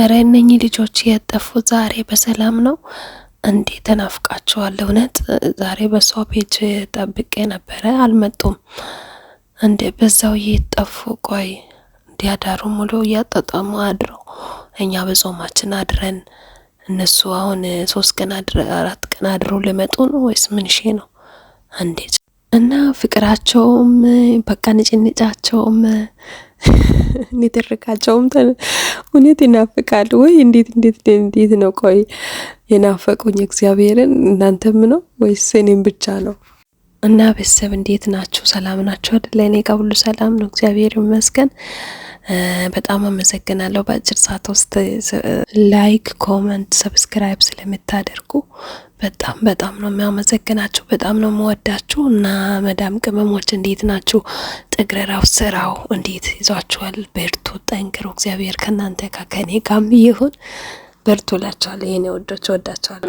እረ እነኚህ ልጆች የጠፉ ዛሬ በሰላም ነው እንዴ? ተናፍቃቸዋል። እውነት ዛሬ በሷ ፔጅ ጠብቄ ነበረ፣ አልመጡም እንዴ? በዛው የጠፉ ቆይ እንዲያዳሩ ሙሉ እያጠጠሙ አድረው እኛ በጾማችን አድረን እነሱ አሁን ሶስት ቀን አድረ አራት ቀን አድሮ ልመጡ ነው ወይስ ምን ምንሼ ነው እንዴ? እና ፍቅራቸውም በቃ ንጭንጫቸውም ንትርካቸውም እውነት ይናፍቃል ወይ? እንዴት እንዴት እንዴት ነው? ቆይ የናፈቁኝ እግዚአብሔርን እናንተም ነው ወይስ እኔም ብቻ ነው? እና ቤተሰብ እንዴት ናችሁ? ሰላም ናችሁ? ለእኔ ጋር ሁሉ ሰላም ነው፣ እግዚአብሔር ይመስገን። በጣም አመሰግናለሁ። በአጭር ሰዓት ውስጥ ላይክ፣ ኮመንት፣ ሰብስክራይብ ስለምታደርጉ በጣም በጣም ነው የሚያመሰግናችሁ። በጣም ነው የምወዳችሁ። እና መዳም ቅመሞች እንዴት ናችሁ? ጥግረራው ስራው እንዴት ይዟችኋል? በርቱ፣ ጠንክሮ እግዚአብሔር ከእናንተ ጋር ከኔ ጋም ይሁን። በርቱ ላችኋል። ይህኔ ወዶች ወዳችኋል።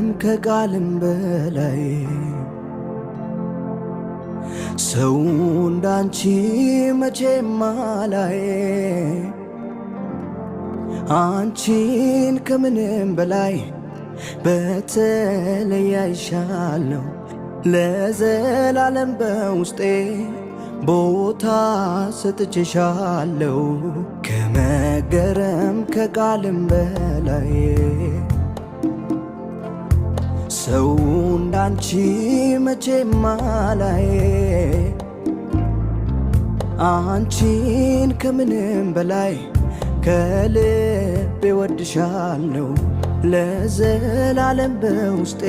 ከቃልም ከቃልም በላይ ሰው እንዳንቺ መቼም አላይ አንቺን ከምንም በላይ በተለየ አይሻለው ለዘላለም በውስጤ ቦታ ሰጥቼሻለው ከመገረም ከቃልም በላይ ሰው እንዳንቺ መቼም አላይ አንቺን ከምንም በላይ ከልቤ ወድሻለሁ ለዘላለም በውስጤ